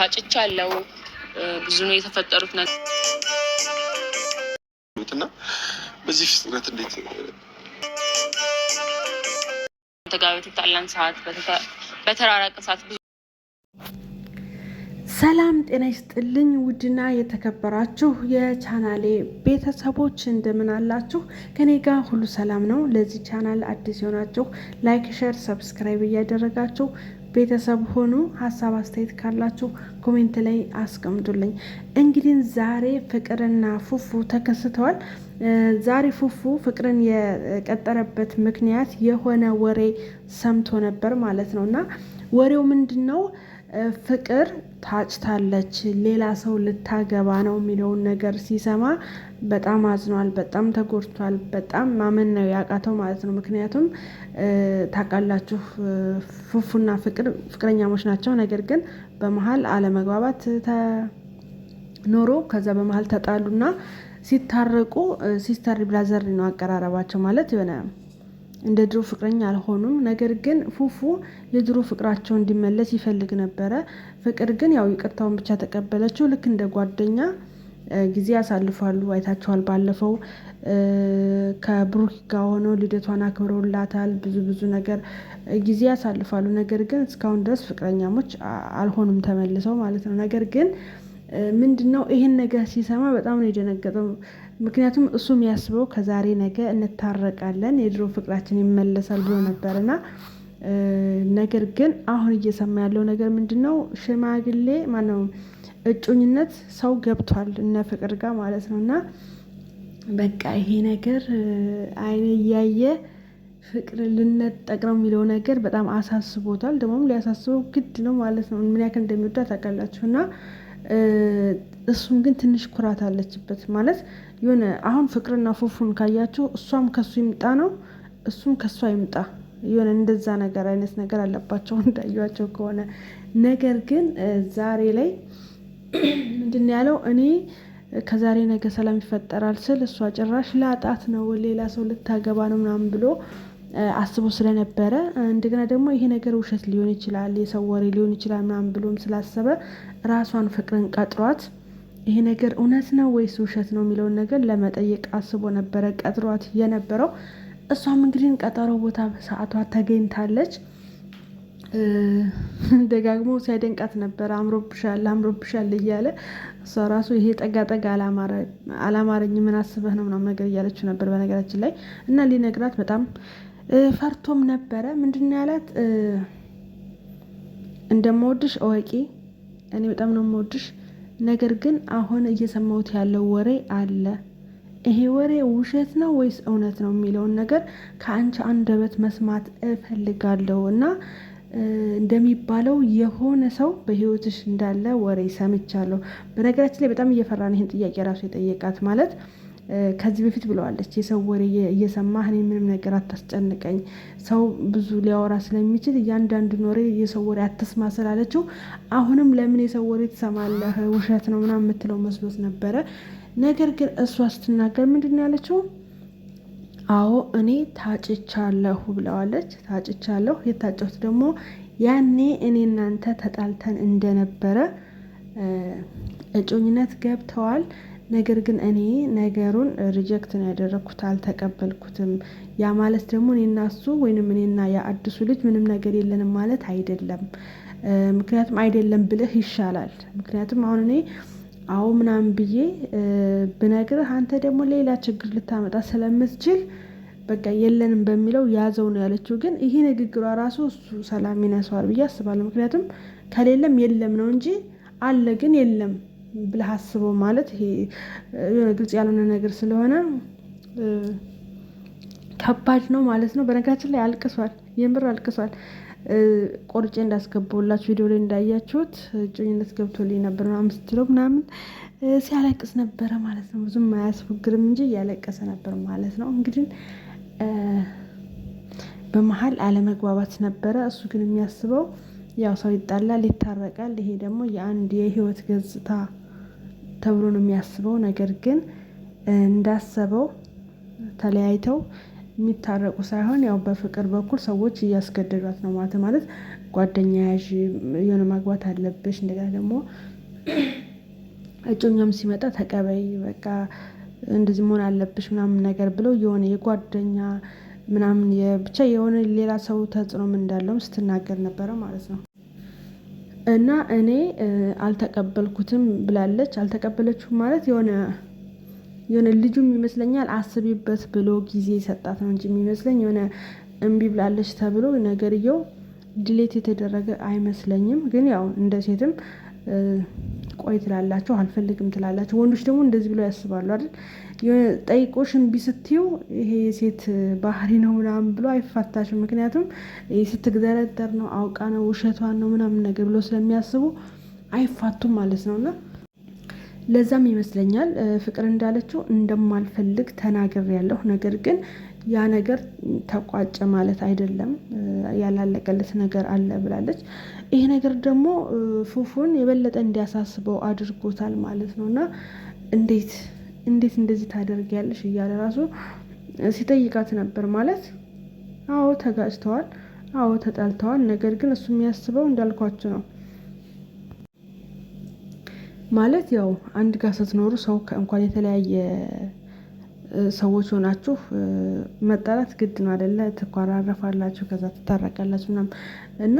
ታጭቻ አለው ብዙ ነው የተፈጠሩት ነትና እና በዚህ ፍጥነት እንዴት ጋር በተጣላን ሰዓት ሰዓት ብዙ ሰላም ጤና ይስጥልኝ። ውድና የተከበራችሁ የቻናሌ ቤተሰቦች እንደምን አላችሁ? ከኔ ጋር ሁሉ ሰላም ነው። ለዚህ ቻናል አዲስ የሆናችሁ ላይክ፣ ሸር፣ ሰብስክራይብ እያደረጋችሁ ቤተሰብ ሆኑ። ሀሳብ አስተያየት ካላችሁ ኮሜንት ላይ አስቀምጡልኝ። እንግዲህ ዛሬ ፍቅርና ፉፉ ተከስተዋል። ዛሬ ፉፉ ፍቅርን የቀጠረበት ምክንያት የሆነ ወሬ ሰምቶ ነበር ማለት ነው እና ወሬው ምንድን ነው? ፍቅር ታጭታለች፣ ሌላ ሰው ልታገባ ነው የሚለውን ነገር ሲሰማ በጣም አዝኗል፣ በጣም ተጎድቷል። በጣም ማመን ነው ያቃተው ማለት ነው። ምክንያቱም ታውቃላችሁ ፉፉና ፍቅር ፍቅረኛሞች ናቸው። ነገር ግን በመሀል አለመግባባት ኖሮ ከዛ በመሀል ተጣሉና ሲታረቁ ሲስተር ብላዘር ነው አቀራረባቸው ማለት የሆነ እንደ ድሮ ፍቅረኛ አልሆኑም። ነገር ግን ፉፉ የድሮ ፍቅራቸው እንዲመለስ ይፈልግ ነበረ። ፍቅር ግን ያው ይቅርታውን ብቻ ተቀበለችው ልክ እንደ ጓደኛ ጊዜ ያሳልፋሉ። አይታችኋል። ባለፈው ከብሩክ ጋር ሆነው ልደቷን አክብረውላታል። ብዙ ብዙ ነገር ጊዜ ያሳልፋሉ። ነገር ግን እስካሁን ድረስ ፍቅረኛሞች አልሆኑም ተመልሰው ማለት ነው። ነገር ግን ምንድን ነው ይሄን ነገር ሲሰማ በጣም ነው የደነገጠው። ምክንያቱም እሱ የሚያስበው ከዛሬ ነገ እንታረቃለን፣ የድሮ ፍቅራችን ይመለሳል ብሎ ነበር እና ነገር ግን አሁን እየሰማ ያለው ነገር ምንድን ነው? ሽማግሌ ማነው እጮኝነት ሰው ገብቷል እነ ፍቅር ጋር ማለት ነው። እና በቃ ይሄ ነገር አይነ እያየ ፍቅር ልነጠቅ ነው የሚለው ነገር በጣም አሳስቦታል። ደግሞም ሊያሳስበው ግድ ነው ማለት ነው። ምን ያክል እንደሚወዳ ታውቃላችሁ። እና እሱም ግን ትንሽ ኩራት አለችበት ማለት የሆነ አሁን ፍቅርና ፉፉን ካያችሁ እሷም ከሱ ይምጣ ነው እሱም ከእሷ ይምጣ የሆነ እንደዛ ነገር አይነት ነገር አለባቸው እንዳያቸው ከሆነ ነገር ግን ዛሬ ላይ ምንድን ያለው እኔ ከዛሬ ነገ ሰላም ይፈጠራል ስል እሷ ጭራሽ ላጣት ነው ሌላ ሰው ልታገባ ነው ምናምን ብሎ አስቦ ስለነበረ እንደገና ደግሞ ይሄ ነገር ውሸት ሊሆን ይችላል፣ የሰው ወሬ ሊሆን ይችላል ምናምን ብሎም ስላሰበ ራሷን ፍቅርን ቀጥሯት ይሄ ነገር እውነት ነው ወይስ ውሸት ነው የሚለውን ነገር ለመጠየቅ አስቦ ነበረ ቀጥሯት የነበረው። እሷም እንግዲህ ቀጠሮ ቦታ ሰዓቷ ተገኝታለች። ደጋግሞ ሲያደንቃት ነበር አምሮብሻል አምሮብሻል እያለ እሷ ራሱ ይሄ ጠጋ ጠጋ አላማረኝ ምን አስበህ ነው ምናምን ነገር እያለችው ነበር። በነገራችን ላይ እና ሊነግራት በጣም ፈርቶም ነበረ። ምንድን ያላት? እንደምወድሽ እወቂ፣ እኔ በጣም ነው የምወድሽ። ነገር ግን አሁን እየሰማሁት ያለው ወሬ አለ ይሄ ወሬ ውሸት ነው ወይስ እውነት ነው የሚለውን ነገር ከአንቺ አንደበት መስማት እፈልጋለሁ እና እንደሚባለው የሆነ ሰው በህይወትሽ እንዳለ ወሬ ሰምቻለሁ። በነገራችን ላይ በጣም እየፈራን ይህን ጥያቄ ራሱ የጠየቃት ማለት ከዚህ በፊት ብለዋለች። የሰው ወሬ እየሰማ እኔ ምንም ነገር አታስጨንቀኝ፣ ሰው ብዙ ሊያወራ ስለሚችል እያንዳንዱ ወሬ የሰው ወሬ አትስማ ስላለችው አሁንም ለምን የሰው ወሬ ትሰማለህ ውሸት ነው ምናምን የምትለው መስሎት ነበረ። ነገር ግን እሷ ስትናገር ምንድን ነው ያለችው? አዎ እኔ ታጭቻለሁ ብለዋለች። ታጭቻለሁ የታጨሁት ደግሞ ያኔ እኔ እናንተ ተጣልተን እንደነበረ እጮኝነት ገብተዋል። ነገር ግን እኔ ነገሩን ሪጀክት ነው ያደረኩት አልተቀበልኩትም። ያ ማለት ደግሞ እኔና እሱ ወይንም እኔና ያ አዲሱ ልጅ ምንም ነገር የለንም ማለት አይደለም። ምክንያቱም አይደለም ብልህ ይሻላል። ምክንያቱም አሁን እኔ አዎ ምናምን ብዬ ብነግርህ አንተ ደግሞ ሌላ ችግር ልታመጣ ስለምትችል በቃ የለንም በሚለው ያዘው ነው ያለችው። ግን ይሄ ንግግሯ ራሱ እሱ ሰላም ይነሰዋል ብዬ አስባለሁ። ምክንያቱም ከሌለም የለም ነው እንጂ አለ ግን የለም ብለህ አስበው ማለት ይሄ የሆነ ግልጽ ያልሆነ ነገር ስለሆነ ከባድ ነው ማለት ነው። በነገራችን ላይ አልቅሷል፣ የምር አልቅሷል። ቆርጬ እንዳስገቦላችሁ ቪዲዮ ላይ እንዳያችሁት እጮኝነት ገብቶልኝ ነበር አምስት ኪሎ ምናምን ሲያለቅስ ነበረ ማለት ነው። ብዙም አያስፈግርም እንጂ እያለቀሰ ነበር ማለት ነው። እንግዲህ በመሀል አለመግባባት ነበረ። እሱ ግን የሚያስበው ያው ሰው ይጣላል፣ ይታረቃል። ይሄ ደግሞ የአንድ የህይወት ገጽታ ተብሎ ነው የሚያስበው። ነገር ግን እንዳሰበው ተለያይተው የሚታረቁ ሳይሆን ያው በፍቅር በኩል ሰዎች እያስገደዷት ነው ማለት ማለት ጓደኛ ያዥ የሆነ ማግባት አለብሽ፣ እንደገና ደግሞ እጮኛም ሲመጣ ተቀበይ፣ በቃ እንደዚህ መሆን አለብሽ ምናምን ነገር ብለው የሆነ የጓደኛ ምናምን ብቻ የሆነ ሌላ ሰው ተጽዕኖም እንዳለውም ስትናገር ነበረ ማለት ነው። እና እኔ አልተቀበልኩትም ብላለች። አልተቀበለችሁ ማለት የሆነ የሆነ ልጁም ይመስለኛል አስቢበት ብሎ ጊዜ ሰጣት ነው እንጂ የሚመስለኝ የሆነ እምቢ ብላለች ተብሎ ነገርየው ድሌት የተደረገ አይመስለኝም። ግን ያው እንደ ሴትም ቆይ ትላላቸው አልፈልግም ትላላቸው። ወንዶች ደግሞ እንደዚህ ብለው ያስባሉ አይደል? የሆነ ጠይቆሽ እምቢ ስትይው ይሄ የሴት ባህሪ ነው ምናምን ብሎ አይፋታሽም። ምክንያቱም ስትግደረደር ነው አውቃ ነው ውሸቷን ነው ምናምን ነገር ብሎ ስለሚያስቡ አይፋቱም ማለት ነው እና ለዛም ይመስለኛል ፍቅር እንዳለችው እንደማልፈልግ ተናገር ያለሁ ነገር ግን ያ ነገር ተቋጨ ማለት አይደለም። ያላለቀለት ነገር አለ ብላለች። ይሄ ነገር ደግሞ ፉፉን የበለጠ እንዲያሳስበው አድርጎታል ማለት ነው እና እንዴት እንዴት እንደዚህ ታደርጊያለሽ እያለ ራሱ ሲጠይቃት ነበር ማለት አዎ ተጋጭተዋል፣ አዎ ተጣልተዋል። ነገር ግን እሱ የሚያስበው እንዳልኳችሁ ነው ማለት ያው አንድ ጋር ስትኖሩ ሰው እንኳን የተለያየ ሰዎች ሆናችሁ መጣላት ግድ ነው አደለ? ትኮራረፋላችሁ፣ ከዛ ትታረቃላችሁ ምናምን እና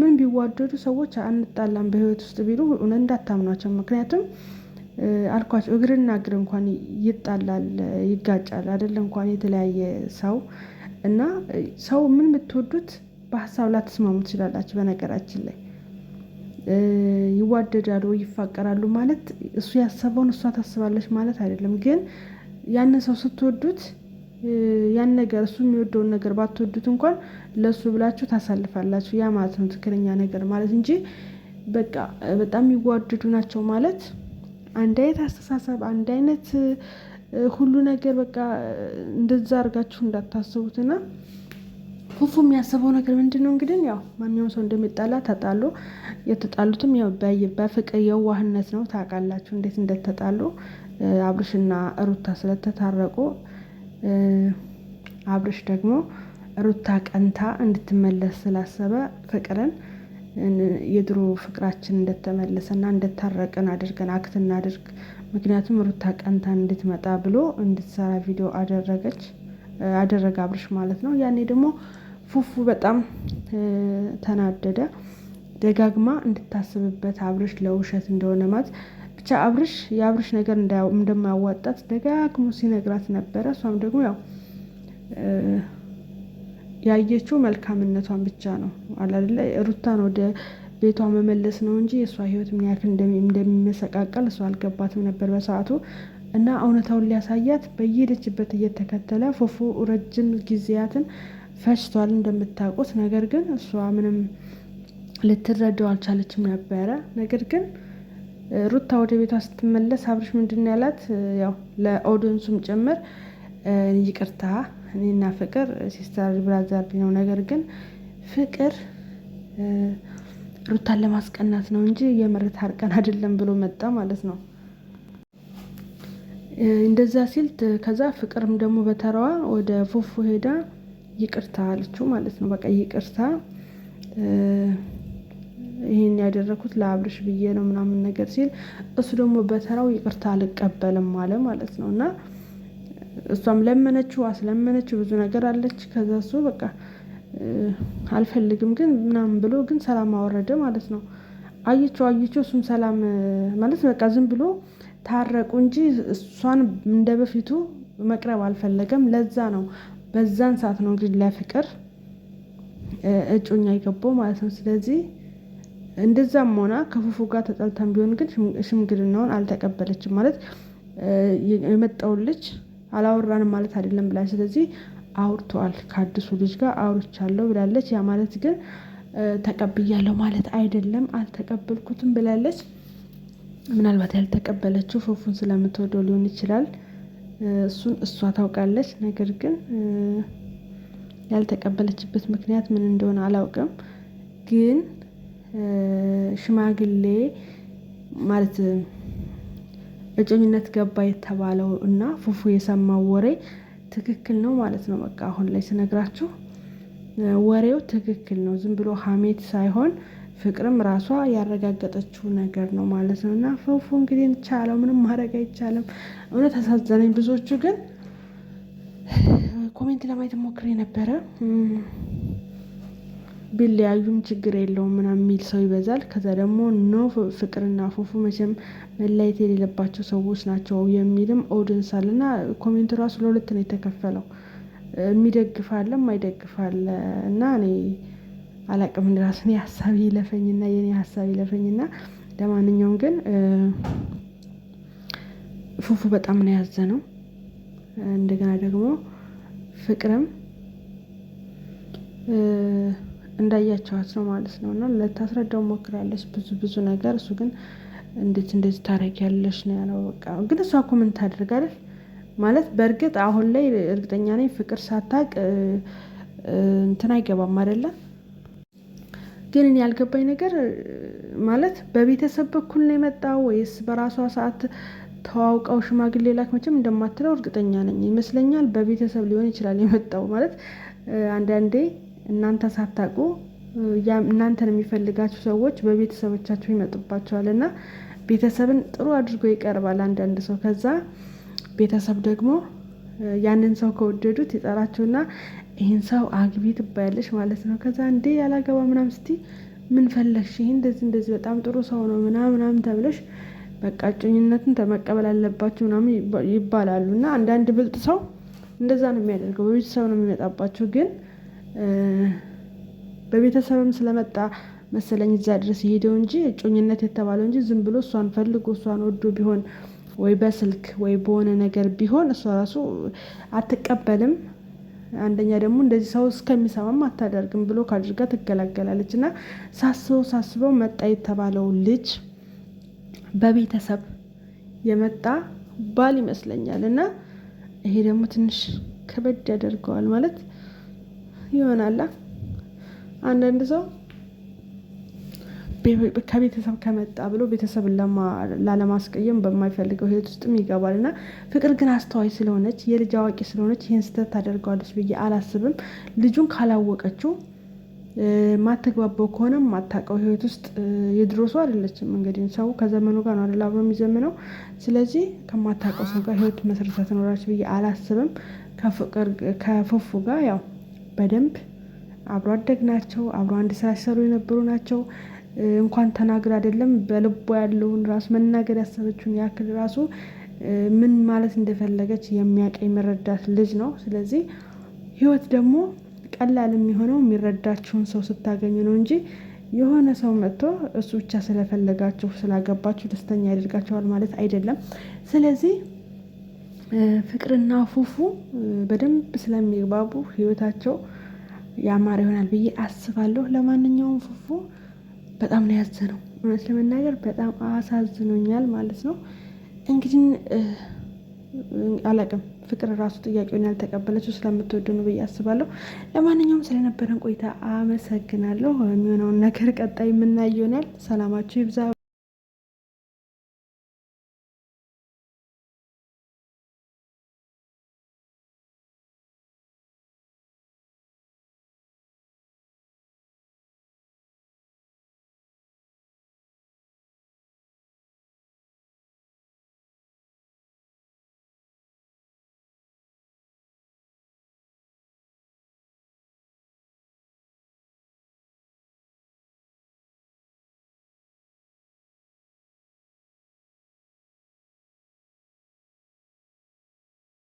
ምን ቢዋደዱ ሰዎች አንጣላም በህይወት ውስጥ ቢሉ እንዳታምኗቸው። ምክንያቱም አልኳቸው እግርና እግር እንኳን ይጣላል፣ ይጋጫል አደለ? እንኳን የተለያየ ሰው እና ሰው ምን ብትወዱት በሀሳብ ላትስማሙ ትችላላችሁ በነገራችን ላይ ይዋደዳሉ ወይ ይፋቀራሉ ማለት እሱ ያሰበውን እሷ ታስባለች ማለት አይደለም። ግን ያንን ሰው ስትወዱት ያን ነገር እሱ የሚወደውን ነገር ባትወዱት እንኳን ለእሱ ብላችሁ ታሳልፋላችሁ። ያ ማለት ነው ትክክለኛ ነገር ማለት እንጂ በቃ በጣም የሚዋደዱ ናቸው ማለት አንድ አይነት አስተሳሰብ፣ አንድ አይነት ሁሉ ነገር በቃ እንደዛ አድርጋችሁ እንዳታስቡትና ፉፉ የሚያስበው ነገር ምንድን ነው? እንግዲህ ያው ማንኛውም ሰው እንደሚጣላ ተጣሉ። የተጣሉትም ያው በፍቅር የዋህነት ነው። ታውቃላችሁ እንዴት እንደተጣሉ አብርሽና ሩታ ስለተታረቁ አብርሽ ደግሞ ሩታ ቀንታ እንድትመለስ ስላሰበ ፍቅርን የድሮ ፍቅራችን እንደተመለሰና እንደታረቅን አድርገን አክት እናድርግ፣ ምክንያቱም ሩታ ቀንታ እንድትመጣ ብሎ እንድትሰራ ቪዲዮ አደረገች አደረገ አብርሽ ማለት ነው። ያኔ ደግሞ ፉፉ በጣም ተናደደ። ደጋግማ እንድታስብበት አብርሽ ለውሸት እንደሆነ ማለት ብቻ አብርሽ የአብርሽ ነገር እንደማያዋጣት ደጋግሞ ሲነግራት ነበረ። እሷም ደግሞ ያው ያየችው መልካምነቷን ብቻ ነው አላለ ሩታን ወደ ቤቷ መመለስ ነው እንጂ የእሷ ህይወት ምን ያክል እንደሚመሰቃቀል እሷ አልገባትም ነበር በሰዓቱ እና እውነታውን ሊያሳያት በየሄደችበት እየተከተለ ፎፎ ረጅም ጊዜያትን ፈስቷል እንደምታውቁት። ነገር ግን እሷ ምንም ልትረዳው አልቻለችም ነበረ። ነገር ግን ሩታ ወደ ቤቷ ስትመለስ አብርሽ ምንድን ያላት ያው ለኦዲንሱም ጭምር ይቅርታ፣ እኔና ፍቅር ሲስተር ብራዘር ነው። ነገር ግን ፍቅር ሩታን ለማስቀናት ነው እንጂ የምር ታርቀን አይደለም ብሎ መጣ ማለት ነው። እንደዛ ሲል ከዛ ፍቅርም ደግሞ በተራዋ ወደ ፉፉ ሄዳ ይቅርታ አለችው ማለት ነው። በቃ ይቅርታ ይህን ያደረኩት ለአብርሽ ብዬ ነው ምናምን ነገር ሲል እሱ ደግሞ በተራው ይቅርታ አልቀበልም አለ ማለት ነው። እና እሷም ለመነችው፣ አስለመነችው ብዙ ነገር አለች። ከዛ እሱ በቃ አልፈልግም ግን ምናምን ብሎ ግን ሰላም አወረደ ማለት ነው። አየችው አየችው እሱም ሰላም ማለት በቃ ዝም ብሎ ታረቁ እንጂ እሷን እንደ በፊቱ መቅረብ አልፈለገም። ለዛ ነው በዛን ሰዓት ነው እንግዲህ ለፍቅር እጮኛ የገባው ማለት ነው። ስለዚህ እንደዛም ሆና ከፉፉ ጋር ተጣልታም ቢሆን ግን ሽምግልናውን አልተቀበለችም ማለት የመጣውን ልጅ አላወራንም ማለት አይደለም ብላ ስለዚህ አውርተዋል ከአዲሱ ልጅ ጋር አውርቻለሁ ብላለች። ያ ማለት ግን ተቀብያለሁ ማለት አይደለም፣ አልተቀበልኩትም ብላለች። ምናልባት ያልተቀበለችው ፉፉን ስለምትወደው ሊሆን ይችላል። እሱን እሷ ታውቃለች። ነገር ግን ያልተቀበለችበት ምክንያት ምን እንደሆነ አላውቅም። ግን ሽማግሌ ማለት እጮኝነት ገባ የተባለው እና ፉፉ የሰማው ወሬ ትክክል ነው ማለት ነው። በቃ አሁን ላይ ስነግራችሁ ወሬው ትክክል ነው። ዝም ብሎ ሀሜት ሳይሆን ፍቅርም ራሷ ያረጋገጠችው ነገር ነው ማለት ነው። እና ፉፉ እንግዲህ ቻለው፣ ምንም ማድረግ አይቻልም። እውነት አሳዘነኝ። ብዙዎቹ ግን ኮሜንት ለማየት ሞክሬ ነበረ። ቢለያዩም ችግር የለውም ምናምን የሚል ሰው ይበዛል። ከዛ ደግሞ ኖ ፍቅርና ፉፉ መቼም መለየት የሌለባቸው ሰዎች ናቸው የሚልም ኦዲየንስ እና ኮሜንቱ ራሱ ለሁለት ነው የተከፈለው። የሚደግፋለም የማይደግፋለ እና እኔ አላቅም ራሱ ሀሳብ ለፈኝና የኔ ሀሳቢ ለፈኝና ለማንኛውም ግን ፉፉ በጣም ነው ያዘ ነው። እንደገና ደግሞ ፍቅርም እንዳያቸዋት ነው ማለት ነው እና ልታስረዳው ሞክራለች ብዙ ብዙ ነገር። እሱ ግን እንዴት እንደዚህ ታደርጊያለሽ ነው ያለው። በቃ ግን እሷ እኮ ምን ታደርጋለች ማለት በእርግጥ አሁን ላይ እርግጠኛ ነኝ ፍቅር ሳታቅ እንትን አይገባም አይደለም ግን እኔ ያልገባኝ ነገር ማለት በቤተሰብ በኩል ነው የመጣው ወይስ በራሷ ሰዓት ተዋውቀው ሽማግሌ ላክ መቼም እንደማትለው እርግጠኛ ነኝ ይመስለኛል። በቤተሰብ ሊሆን ይችላል የመጣው ማለት አንዳንዴ እናንተ ሳታውቁ እናንተን የሚፈልጋችሁ ሰዎች በቤተሰቦቻቸው ይመጡባቸዋል እና ቤተሰብን ጥሩ አድርጎ ይቀርባል አንዳንድ ሰው ከዛ ቤተሰብ ደግሞ ያንን ሰው ከወደዱት ይጠራችሁና ይህን ሰው አግቢ ትባያለሽ ማለት ነው። ከዛ እንዴ ያላገባ ምናም ስቲ ምን ፈለግሽ? ይህ እንደዚህ እንደዚህ በጣም ጥሩ ሰው ነው ምናምናም ተብለሽ በቃ እጮኝነትን ተመቀበል አለባቸው ምናምን ይባላሉ። እና አንዳንድ ብልጥ ሰው እንደዛ ነው የሚያደርገው። በቤተሰብ ነው የሚመጣባቸው ግን በቤተሰብም ስለመጣ መሰለኝ እዛ ድረስ የሄደው እንጂ እጮኝነት የተባለው እንጂ ዝም ብሎ እሷን ፈልጎ እሷን ወዶ ቢሆን ወይ በስልክ ወይ በሆነ ነገር ቢሆን እሷ ራሱ አትቀበልም። አንደኛ ደግሞ እንደዚህ ሰው እስከሚሰማም አታደርግም ብሎ ካድርጋ ትገላገላለች። እና ሳስበው ሳስበው መጣ የተባለው ልጅ በቤተሰብ የመጣ ባል ይመስለኛል። እና ይሄ ደግሞ ትንሽ ከበድ ያደርገዋል ማለት ይሆናላ አንዳንድ ሰው ከቤተሰብ ከመጣ ብሎ ቤተሰብን ላለማስቀየም በማይፈልገው ህይወት ውስጥም ይገባል እና ፍቅር ግን አስተዋይ ስለሆነች የልጅ አዋቂ ስለሆነች ይህን ስህተት ታደርገዋለች ብዬ አላስብም። ልጁን ካላወቀችው ማተግባበው ከሆነ ማታቀው ህይወት ውስጥ የድሮ ሰው አይደለችም። እንግዲህ ሰው ከዘመኑ ጋር ነው አይደል አብሮ የሚዘምነው። ስለዚህ ከማታቀው ሰው ጋር ህይወት መሰረታ ትኖራለች ብዬ አላስብም። ከፉፉ ጋር ያው በደንብ አብሮ አደግ ናቸው። አብሮ አንድ ስራ ሲሰሩ የነበሩ ናቸው። እንኳን ተናግር አይደለም በልቦ ያለውን ራሱ መናገር ያሰበችውን ያክል ራሱ ምን ማለት እንደፈለገች የሚያቀኝ መረዳት ልጅ ነው። ስለዚህ ህይወት ደግሞ ቀላል የሚሆነው የሚረዳችሁን ሰው ስታገኙ ነው እንጂ የሆነ ሰው መጥቶ እሱ ብቻ ስለፈለጋችሁ ስላገባችሁ ደስተኛ ያደርጋችኋል ማለት አይደለም። ስለዚህ ፍቅርና ፉፉ በደንብ ስለሚግባቡ ህይወታቸው ያማረ ይሆናል ብዬ አስባለሁ። ለማንኛውም ፉፉ በጣም ነው ያዘነው። እውነት ለመናገር በጣም አሳዝኖኛል ማለት ነው። እንግዲህ አላቅም ፍቅር ራሱ ጥያቄውን ያልተቀበለችው ስለምትወዱ ነው ብዬ አስባለሁ። ለማንኛውም ስለነበረን ቆይታ አመሰግናለሁ። የሚሆነውን ነገር ቀጣይ የምናየው ይሆናል። ሰላማችሁ ይብዛ።